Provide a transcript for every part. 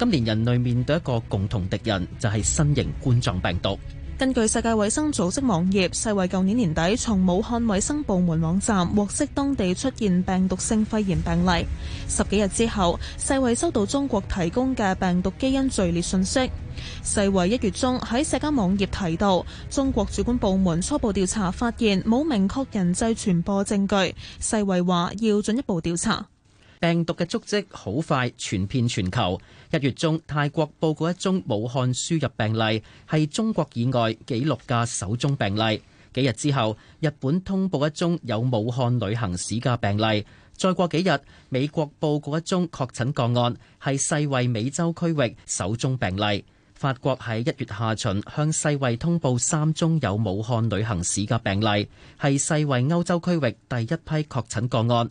今年人類面對一個共同敵人，就係新型冠狀病毒。根據世界衛生組織網頁，世衛舊年年底從武漢衛生部門網站獲悉當地出現病毒性肺炎病例。十幾日之後，世衛收到中國提供嘅病毒基因序列信息。世衛一月中喺社交網頁提到，中國主管部門初步調查發現冇明確人際傳播證據。世衛話要進一步調查。病毒嘅足跡好快，傳遍全球。一月中，泰國報告一宗武漢輸入病例，係中國以外紀錄嘅首宗病例。幾日之後，日本通報一宗有武漢旅行史嘅病例。再過幾日，美國報告一宗確診個案，係世衛美洲區域首宗病例。法國喺一月下旬向世衛通報三宗有武漢旅行史嘅病例，係世衛歐洲區域第一批確診個案。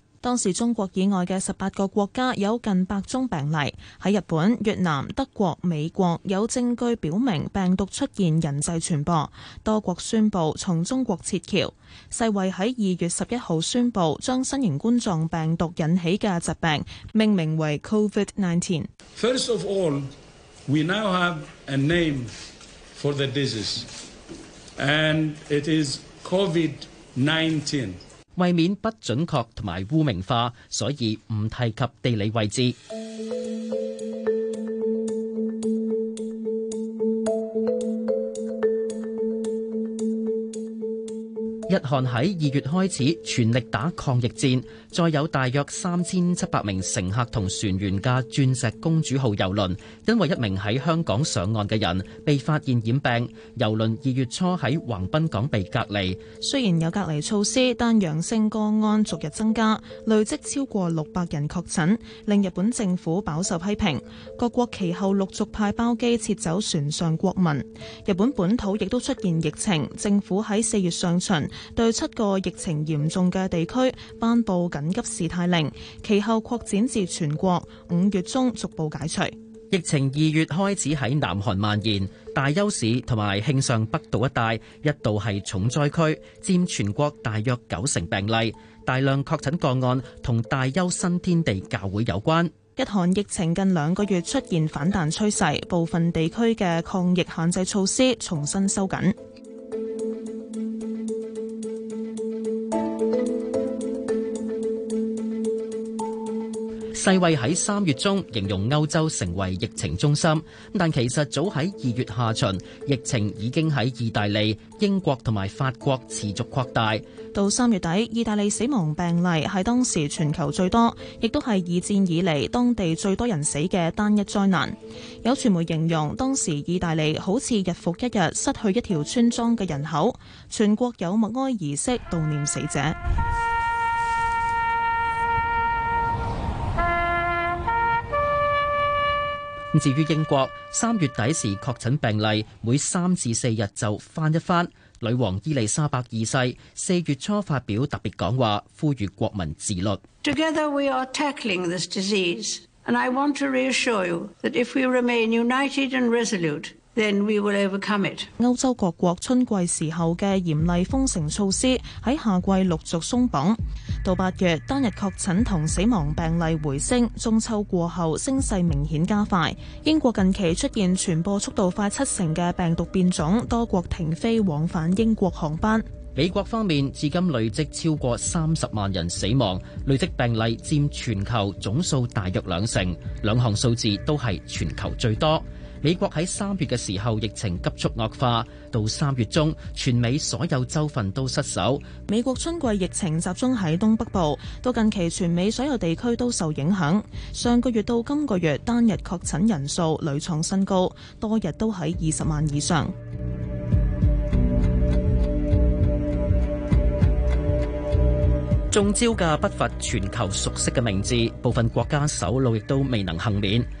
當時中國以外嘅十八個國家有近百宗病例，喺日本、越南、德國、美國有證據表明病毒出現人際傳播，多國宣布從中國撤僑。世衛喺二月十一號宣布，將新型冠狀病毒引起嘅疾病命名為 Covid Nineteen。19 First of all, we now have a name for the disease, and it is Covid Nineteen. 為免不準確同埋污名化，所以唔提及地理位置。日韓喺二月開始全力打抗疫戰，再有大約三千七百名乘客同船員嘅《鑽石公主號》郵輪，因為一名喺香港上岸嘅人被發現染病，郵輪二月初喺橫濱港被隔離。雖然有隔離措施，但陽性個案逐日增加，累積超過六百人確診，令日本政府飽受批評。各國其後陸續派包機撤走船上國民。日本本土亦都出現疫情，政府喺四月上旬，對七個疫情嚴重嘅地區頒布緊急事態令，其後擴展至全國，五月中逐步解除。疫情二月開始喺南韓蔓延，大邱市同埋慶尚北道一帶一度係重災區，佔全國大約九成病例，大量確診個案同大邱新天地教會有關。日韓疫情近兩個月出現反彈趨勢，部分地區嘅抗疫限制措施重新收緊。世衛喺三月中形容歐洲成為疫情中心，但其實早喺二月下旬，疫情已經喺意大利、英國同埋法國持續擴大。到三月底，意大利死亡病例係當時全球最多，亦都係二戰以嚟當地最多人死嘅單一災難。有傳媒形容當時意大利好似日復一日失去一條村莊嘅人口，全國有默哀儀式悼念死者。至於英國，三月底時確診病例每三至四日就翻一番。女王伊麗莎白二世四月初發表特別講話，呼籲國民自律。then we will overcome it. 歐洲各國春季時候嘅嚴厲封城措施喺夏季陸續鬆綁，到八月單日確診同死亡病例回升，中秋過後升勢明顯加快。英國近期出現傳播速度快七成嘅病毒變種，多國停飛往返英國航班。美國方面至今累積超過三十萬人死亡，累積病例佔全球總數大約兩成，兩項數字都係全球最多。美國喺三月嘅時候疫情急速惡化，到三月中全美所有州份都失守。美國春季疫情集中喺東北部，到近期全美所有地區都受影響。上個月到今個月單日確診人數屢創新高，多日都喺二十萬以上。中招嘅不乏全球熟悉嘅名字，部分國家首腦亦都未能幸免。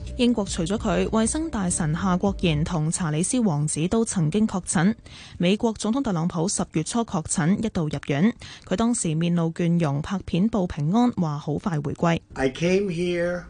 英國除咗佢，衛生大臣夏國賢同查理斯王子都曾經確診。美國總統特朗普十月初確診，一度入院。佢當時面露倦容，拍片報平安，話好快回歸。I came here,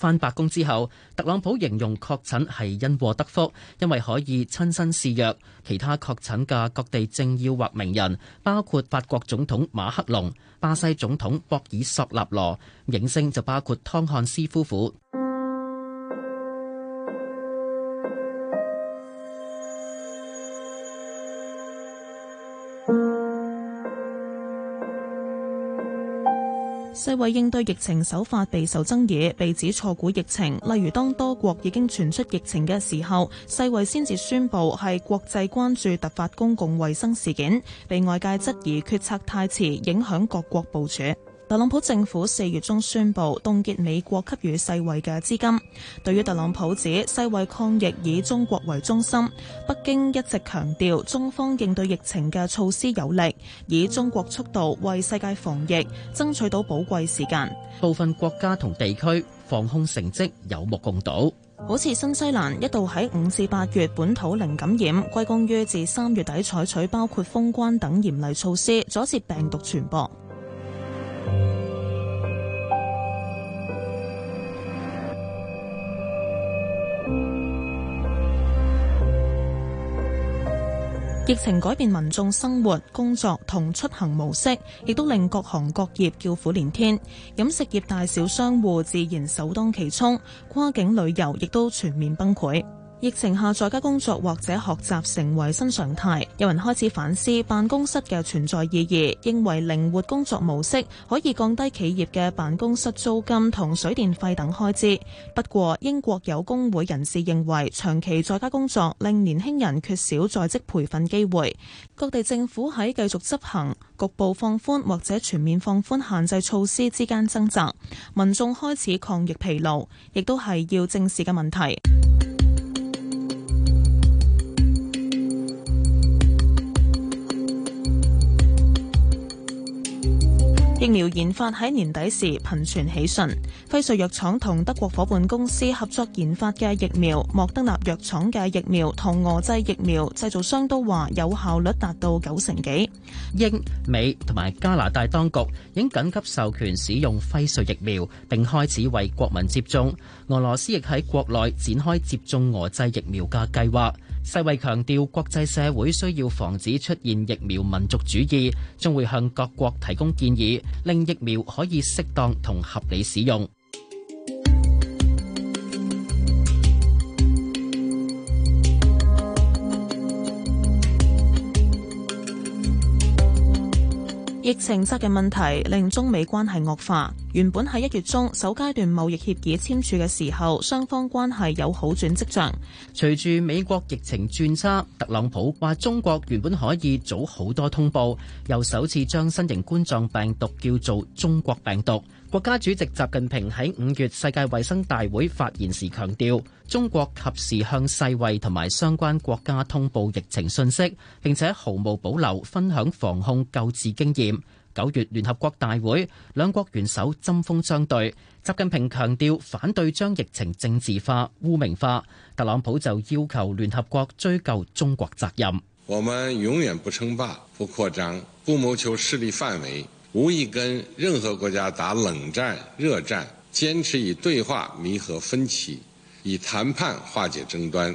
返白宮之後，特朗普形容確診係因禍得福，因為可以親身試藥。其他確診嘅各地政要或名人，包括法國總統馬克龍、巴西總統博爾索納羅，影星就包括湯漢斯夫婦。世衛應對疫情手法備受爭議，被指錯估疫情。例如，當多國已經傳出疫情嘅時候，世衛先至宣布係國際關注突發公共衛生事件，被外界質疑決策太遲，影響各國部署。特朗普政府四月中宣布凍結美國給予世衛嘅資金。對於特朗普指世衛抗疫以中國為中心，北京一直強調中方應對疫情嘅措施有力，以中國速度為世界防疫爭取到寶貴時間。部分國家同地區防控成績有目共睹，好似新西蘭一度喺五至八月本土零感染，歸功於自三月底採取包括封關等嚴厲措施，阻止病毒傳播。疫情改變民眾生活、工作同出行模式，亦都令各行各業叫苦連天。飲食業大小商戶自然首當其衝，跨境旅遊亦都全面崩潰。疫情下在家工作或者學習成為新常態，有人開始反思辦公室嘅存在意義。認為靈活工作模式可以降低企業嘅辦公室租金同水電費等開支。不過，英國有工會人士認為，長期在家工作令年輕人缺少在職培訓機會。各地政府喺繼續執行局部放寬或者全面放寬限制措施之間掙扎，民眾開始抗疫疲勞，亦都係要正視嘅問題。疫苗研發喺年底時頻傳喜訊，輝瑞藥廠同德國伙伴公司合作研發嘅疫苗，莫德納藥,藥廠嘅疫苗同俄製疫苗製造商都話有效率達到九成幾。英美同埋加拿大當局已緊急授權使用輝瑞疫苗，並開始為國民接種。俄羅斯亦喺國內展開接種俄製疫苗嘅計劃。世衛強調，國際社會需要防止出現疫苗民族主義，將會向各國提供建議，令疫苗可以適當同合理使用。疫情責任嘅問題令中美關係惡化。原本喺一月中首階段貿易協議簽署嘅時候，雙方關係有好轉跡象。隨住美國疫情轉差，特朗普話中國原本可以早好多通報，又首次將新型冠狀病毒叫做中國病毒。國家主席習近平喺五月世界衛生大會發言時強調，中國及時向世衛同埋相關國家通報疫情信息，並且毫無保留分享防控救治經驗。九月聯合國大會，兩國元首針鋒相對。習近平強調反對將疫情政治化、污名化，特朗普就要求聯合國追究中國責任。我們永遠不稱霸、不擴張、不謀求勢力範圍，無意跟任何國家打冷戰、熱戰，堅持以對話彌合分歧，以談判化解爭端。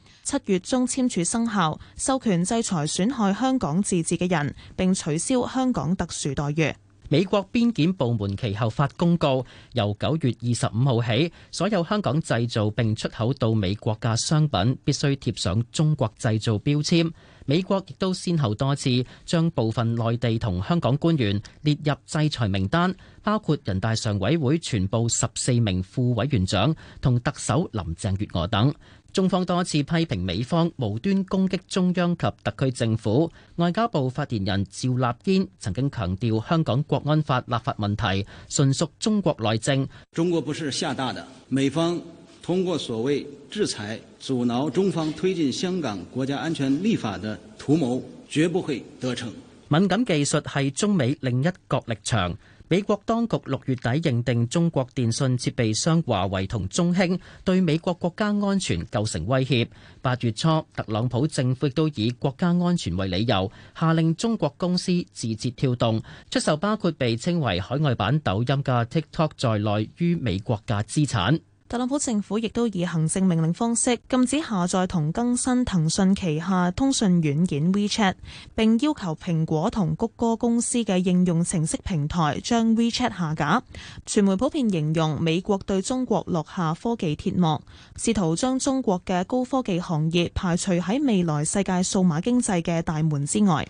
七月中簽署生效，授權制裁損害香港自治嘅人，並取消香港特殊待遇。美國邊檢部門其後發公告，由九月二十五號起，所有香港製造並出口到美國嘅商品必須貼上“中國製造”標籤。美國亦都先後多次將部分內地同香港官員列入制裁名單，包括人大常委會全部十四名副委員長同特首林鄭月娥等。中方多次批評美方無端攻擊中央及特區政府。外交部發言人趙立堅曾經強調，香港國安法立法問題純屬中國內政。中國不是嚇大的，美方通過所謂制裁阻撓中方推進香港國家安全立法的圖謀絕不會得逞。敏感技術係中美另一角力場。美國當局六月底認定中國電信設備商華為同中興對美國國家安全構成威脅。八月初，特朗普政府亦都以國家安全為理由，下令中國公司字節跳動出售包括被稱為海外版抖音嘅 TikTok 在內於美國嘅資產。特朗普政府亦都以行政命令方式禁止下載同更新騰訊旗下通訊軟件 WeChat，並要求蘋果同谷歌公司嘅應用程式平台將 WeChat 下架。傳媒普遍形容美國對中國落下科技鐵幕，試圖將中國嘅高科技行業排除喺未來世界數碼經濟嘅大門之外。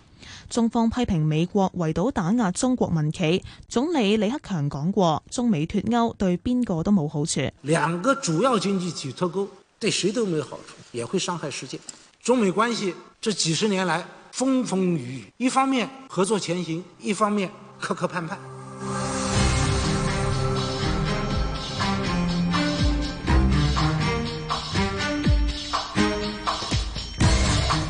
中方批評美國圍堵打壓中國民企。總理李克強講過：中美脱鈎對邊個都冇好處。兩個主要經濟體脱鈎，對誰都沒有好處，也會傷害世界。中美關係這幾十年來風風雨雨，一方面合作前行，一方面磕磕絆絆。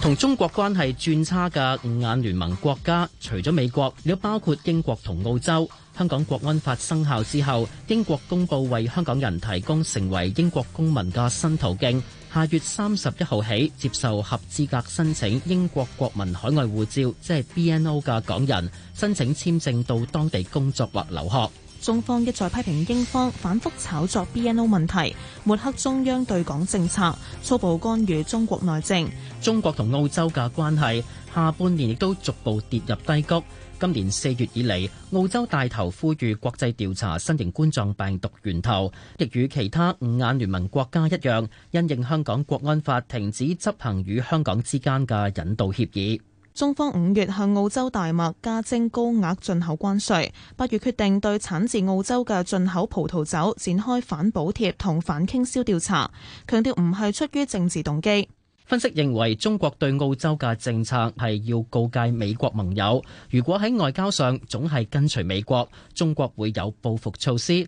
同中國關係轉差嘅五眼聯盟國家，除咗美國，亦都包括英國同澳洲。香港國安法生效之後，英國公佈為香港人提供成為英國公民嘅新途徑。下月三十一號起，接受合資格申請英國國民海外護照，即係 BNO 嘅港人，申請簽證到當地工作或留學。中方一再批評英方反覆炒作 BNO 問題，抹黑中央對港政策，粗暴干預中國內政。中國同澳洲嘅關係下半年亦都逐步跌入低谷。今年四月以嚟，澳洲帶頭呼籲國際調查新型冠狀病毒源頭，亦與其他五眼聯盟國家一樣，因應香港國安法停止執行與香港之間嘅引渡協議。中方五月向澳洲大麥加徵高額進口關稅，八月決定對產自澳洲嘅進口葡萄酒展開反補貼同反傾銷調查，強調唔係出於政治動機。分析認為，中國對澳洲嘅政策係要告誡美國盟友，如果喺外交上總係跟隨美國，中國會有報復措施。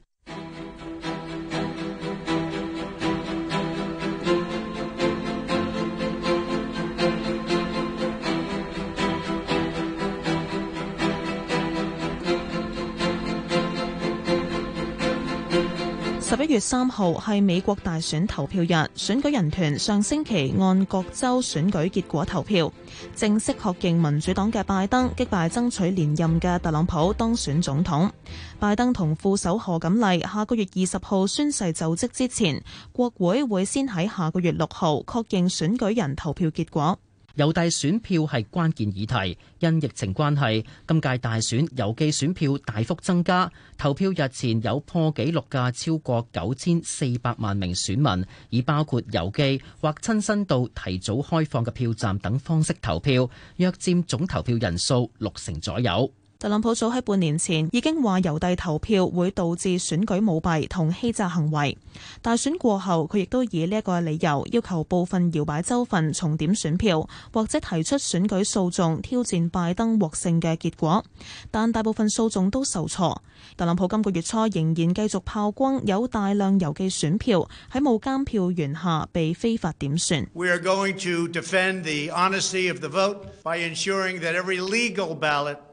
十一月三號係美國大選投票日，選舉人團上星期按各州選舉結果投票，正式確認民主黨嘅拜登擊敗爭取連任嘅特朗普當選總統。拜登同副手賀錦麗下個月二十號宣誓就職之前，國會會先喺下個月六號確認選舉人投票結果。郵遞選票係關鍵議題，因疫情關係，今屆大選郵寄選票大幅增加。投票日前有破紀錄嘅超過九千四百萬名選民，以包括郵寄或親身到提早開放嘅票站等方式投票，約占總投票人數六成左右。特朗普早喺半年前已經話郵遞投票會導致選舉舞弊同欺詐行為。大選過後，佢亦都以呢一個理由要求部分搖擺州份重點選票，或者提出選舉訴訟挑戰拜登獲勝嘅結果。但大部分訴訟都受挫。特朗普今個月初仍然繼續炮轟有大量郵寄選票喺無監票員下被非法點算。We are going to defend the honesty of the vote by ensuring that every legal ballot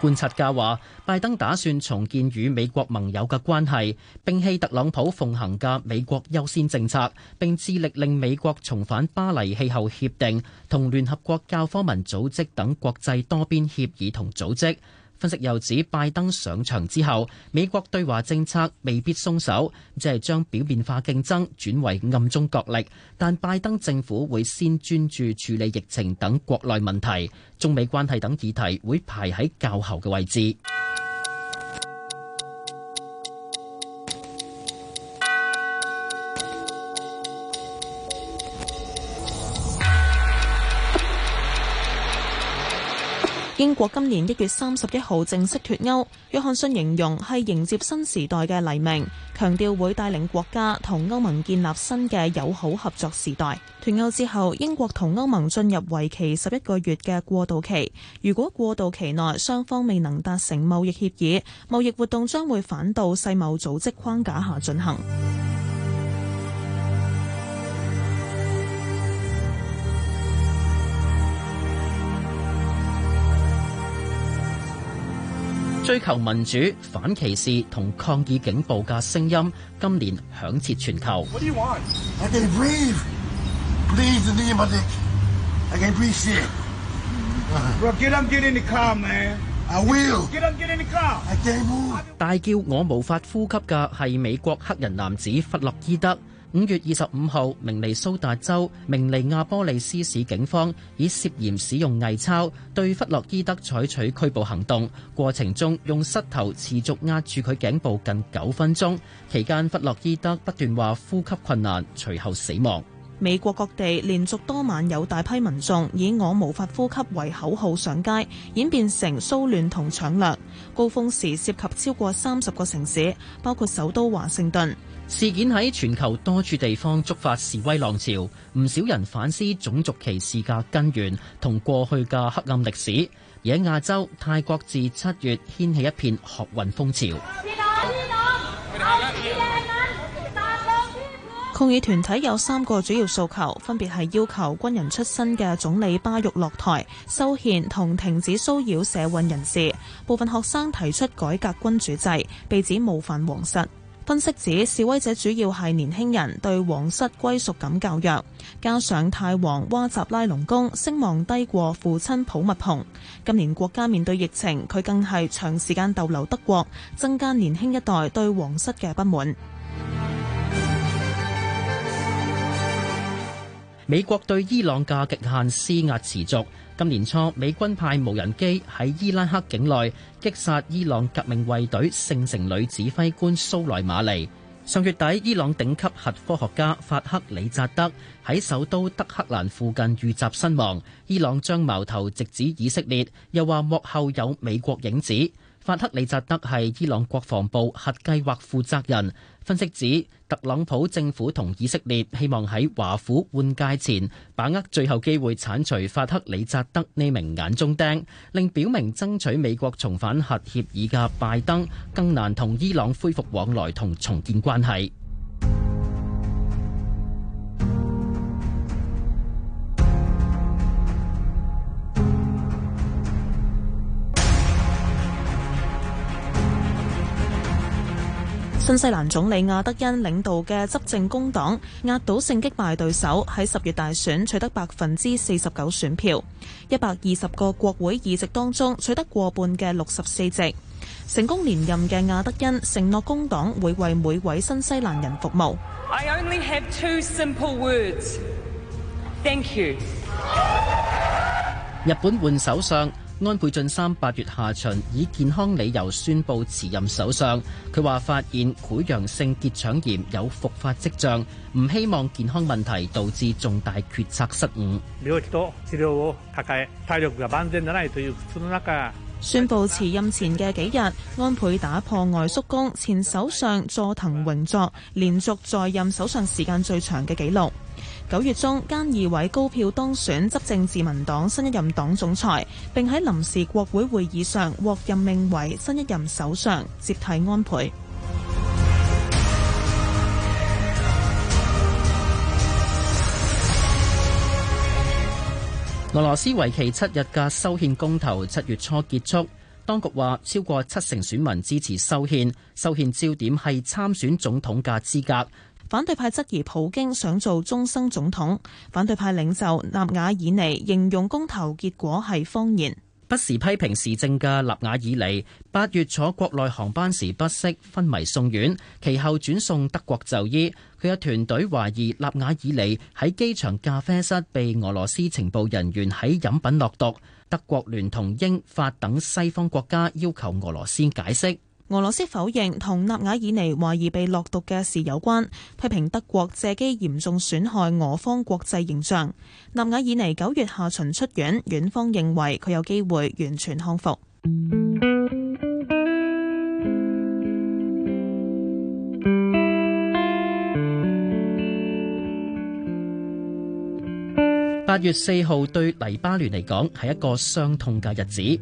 觀察家話：拜登打算重建與美國盟友嘅關係，摒棄特朗普奉行嘅美國優先政策，並致力令美國重返巴黎氣候協定同聯合國教科文組織等國際多邊協議同組織。分析又指，拜登上場之後，美國對華政策未必鬆手，即係將表面化競爭轉為暗中角力。但拜登政府會先專注處理疫情等國內問題，中美關係等議題會排喺較後嘅位置。英國今年一月三十一號正式脱歐，約翰遜形容係迎接新時代嘅黎明，強調會帶領國家同歐盟建立新嘅友好合作時代。脱歐之後，英國同歐盟進入為期十一個月嘅過渡期，如果過渡期內雙方未能達成貿易協議，貿易活動將會返到世貿組織框架下進行。追求民主、反歧視同抗議警暴嘅聲音，今年響徹全球。大叫我無法呼吸嘅係美國黑人男子弗洛伊德。五月二十五號，明尼蘇達州明尼亞波利斯市警方以涉嫌使用偽鈔對弗洛伊德採取拘捕行動，過程中用膝頭持續壓住佢頸部近九分鐘，期間弗洛伊德不斷話呼吸困難，隨後死亡。美國各地連續多晚有大批民眾以我無法呼吸為口號上街，演變成騷亂同搶掠。高峰時涉及超過三十個城市，包括首都華盛頓。事件喺全球多處地方觸發示威浪潮，唔少人反思種族歧視嘅根源同過去嘅黑暗歷史。而喺亞洲，泰國自七月掀起一片學運風潮。控議團體有三個主要訴求，分別係要求軍人出身嘅總理巴育落台、收憲同停止騷擾社運人士。部分學生提出改革君主制，被指冒犯皇室。分析指示威者主要係年輕人，對皇室歸屬感較弱，加上太皇、哇集拉隆功聲望低過父親普密蓬。今年國家面對疫情，佢更係長時間逗留德國，增加年輕一代對皇室嘅不滿。美國對伊朗嘅極限施壓持續。今年初，美軍派無人機喺伊拉克境內擊殺伊朗革命衛隊聖城旅指揮官蘇萊馬尼。上月底，伊朗頂級核科學家法克里扎德喺首都德黑蘭附近遇襲身亡。伊朗將矛頭直指以色列，又話幕後有美國影子。法克里扎德係伊朗國防部核計劃負責人。分析指，特朗普政府同以色列希望喺華府換屆前，把握最後機會鏟除法克里扎德呢名眼中釘，令表明爭取美國重返核協議嘅拜登更難同伊朗恢復往來同重建關係。新西蘭總理亞德恩領導嘅執政工黨壓倒性擊敗對手，喺十月大選取得百分之四十九選票，一百二十個國會議席當中取得過半嘅六十四席，成功連任嘅亞德恩承諾工黨會為每位新西蘭人服務。日本換首相。安倍晉三八月下旬以健康理由宣布辭任首相，佢話發現潰瘍性結腸炎有復發跡象，唔希望健康問題導致重大決策失誤。宣布辭任前嘅幾日，安倍打破外叔公前首相佐藤榮作連續在任首相時間最長嘅紀錄。九月中，菅義偉高票當選執政自民黨新一任黨總裁，並喺臨時國會會議上獲任命為新一任首相，接替安倍。俄羅，羅斯為期七日嘅修憲公投七月初結束，當局話超過七成選民支持修憲，修憲焦點係參選總統嘅資格。反對派質疑普京想做終生總統，反對派領袖納瓦爾尼形容公投結果係謊言，不時批評時政嘅納瓦爾尼，八月坐國內航班時不適昏迷送院，其後轉送德國就醫。佢嘅團隊懷疑納瓦爾尼喺機場咖啡室被俄羅斯情報人員喺飲品落毒，德國聯同英法等西方國家要求俄羅斯解釋。俄羅斯否認同納瓦爾尼懷疑被落毒嘅事有關，批評德國借機嚴重損害俄方國際形象。納瓦爾尼九月下旬出院，院方認為佢有機會完全康復。八月四號對黎巴嫩嚟講係一個傷痛嘅日子。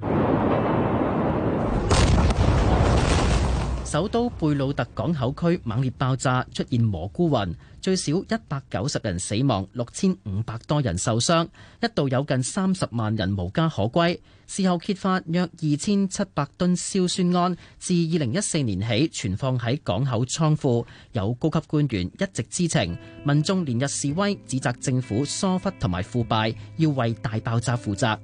首都貝魯特港口區猛烈爆炸，出現蘑菇雲，最少一百九十人死亡，六千五百多人受傷，一度有近三十萬人無家可歸。事後揭發約二千七百噸硝酸銨自二零一四年起存放喺港口倉庫，有高級官員一直知情。民眾連日示威，指責政府疏忽同埋腐敗，要為大爆炸負責。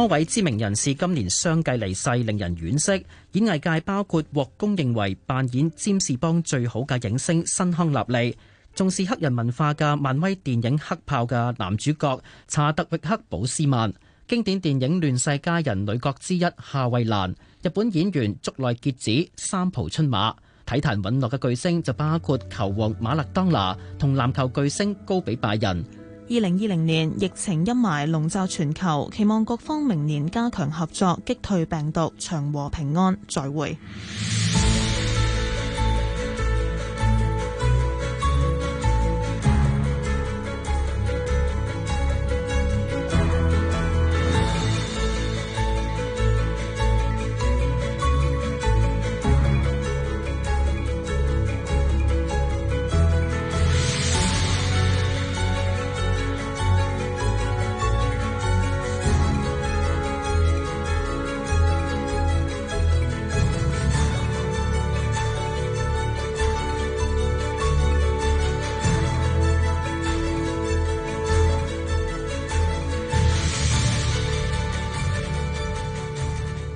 多位知名人士今年相繼離世，令人惋惜。演藝界包括獲公認為扮演占士邦最好嘅影星辛康納利，重視黑人文化嘅漫威電影黑豹嘅男主角查德域克保斯曼，經典電影《亂世佳人》女角之一夏慧蘭，日本演員竹內結子、三浦春馬。體壇隕落嘅巨星就包括球王馬勒當拿同籃球巨星高比拜仁。二零二零年疫情陰霾籠罩全球，期望各方明年加強合作，擊退病毒，祥和平安，再會。